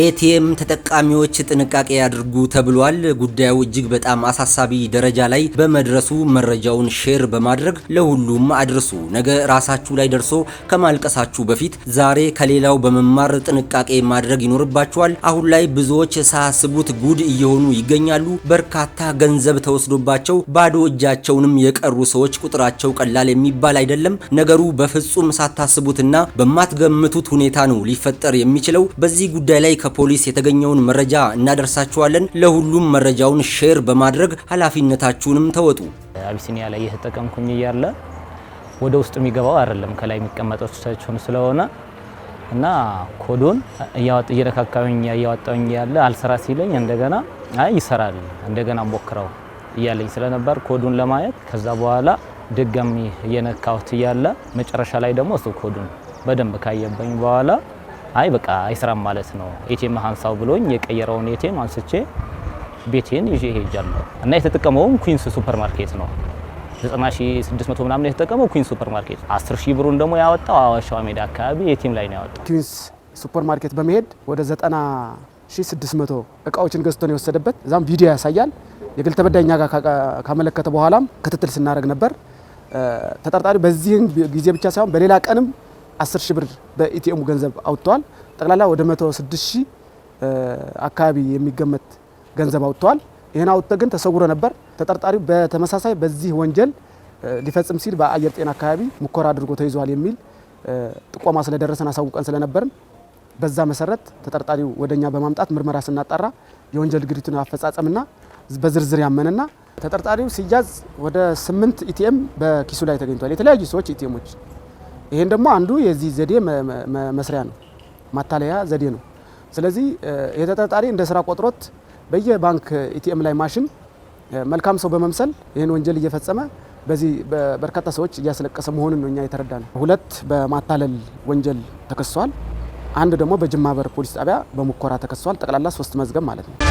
ኤቲኤም ተጠቃሚዎች ጥንቃቄ ያድርጉ ተብሏል። ጉዳዩ እጅግ በጣም አሳሳቢ ደረጃ ላይ በመድረሱ መረጃውን ሼር በማድረግ ለሁሉም አድርሱ። ነገ ራሳችሁ ላይ ደርሶ ከማልቀሳችሁ በፊት ዛሬ ከሌላው በመማር ጥንቃቄ ማድረግ ይኖርባችኋል። አሁን ላይ ብዙዎች ሳያስቡት ጉድ እየሆኑ ይገኛሉ። በርካታ ገንዘብ ተወስዶባቸው ባዶ እጃቸውንም የቀሩ ሰዎች ቁጥራቸው ቀላል የሚባል አይደለም። ነገሩ በፍጹም ሳታስቡትና በማትገምቱት ሁኔታ ነው ሊፈጠር የሚችለው። በዚህ ጉዳይ ላይ ከፖሊስ የተገኘውን መረጃ እናደርሳችኋለን። ለሁሉም መረጃውን ሼር በማድረግ ኃላፊነታችሁንም ተወጡ። አቢሲኒያ ላይ እየተጠቀምኩኝ እያለ ወደ ውስጥ የሚገባው አይደለም ከላይ የሚቀመጠው ስለሆነ እና ኮዱን እየነካካኝ እያወጣኝ ያለ አልሰራ ሲለኝ እንደገና አይ ይሰራል እንደገና ሞክረው እያለኝ ስለነበር ኮዱን ለማየት ከዛ በኋላ ድጋሚ እየነካሁት እያለ መጨረሻ ላይ ደግሞ እሱ ኮዱን በደንብ ካየበኝ በኋላ አይ በቃ አይስራም ማለት ነው ኤቲኤም ሀንሳው ብሎኝ የቀየረውን ኤቲኤም አንስቼ ቤቴን ይዤ ሄጃለሁ እና የተጠቀመውም ኩዊንስ ሱፐር ማርኬት ነው። 9600 ምናምን የተጠቀመው ኩዊንስ ሱፐር ማርኬት፣ 10000 ብሩን ደግሞ ያወጣው አዋሽ ሜዳ አካባቢ ኤቲኤም ላይ ነው ያወጣው። ኩዊንስ ሱፐር ማርኬት በመሄድ ወደ 90600 እቃዎችን ገዝቶ ነው የወሰደበት። እዛም ቪዲዮ ያሳያል። የግል ተበዳኛ ጋር ካመለከተ በኋላም ክትትል ስናደርግ ነበር። ተጠርጣሪ በዚህን ጊዜ ብቻ ሳይሆን በሌላ ቀንም 10 ሺህ ብር በኢቲኤሙ ገንዘብ አውጥተዋል። ጠቅላላ ወደ 106 ሺህ አካባቢ የሚገመት ገንዘብ አውጥተዋል። ይህን አውጥተ ግን ተሰውሮ ነበር። ተጠርጣሪው በተመሳሳይ በዚህ ወንጀል ሊፈጽም ሲል በአየር ጤና አካባቢ ሙከራ አድርጎ ተይዟል የሚል ጥቆማ ስለደረሰን አሳውቀን ስለነበርን በዛ መሰረት ተጠርጣሪው ወደኛ በማምጣት ምርመራ ስናጣራ የወንጀል ድርጊቱን አፈጻጸምና በዝርዝር ያመነና ተጠርጣሪው ሲያዝ ወደ ስምንት ኢቲኤም በኪሱ ላይ ተገኝቷል። የተለያዩ ሰዎች ኢቲኤሞች ይሄን ደግሞ አንዱ የዚህ ዘዴ መስሪያ ነው፣ ማታለያ ዘዴ ነው። ስለዚህ የተጠርጣሪ እንደ ስራ ቆጥሮት በየባንክ ኢቲኤም ላይ ማሽን መልካም ሰው በመምሰል ይህን ወንጀል እየፈጸመ በዚህ በርካታ ሰዎች እያስለቀሰ መሆኑን ነው እኛ የተረዳ ነው። ሁለት በማታለል ወንጀል ተከሷል። አንድ ደግሞ በጅማ በር ፖሊስ ጣቢያ በሙከራ ተከሷል። ጠቅላላ ሶስት መዝገብ ማለት ነው።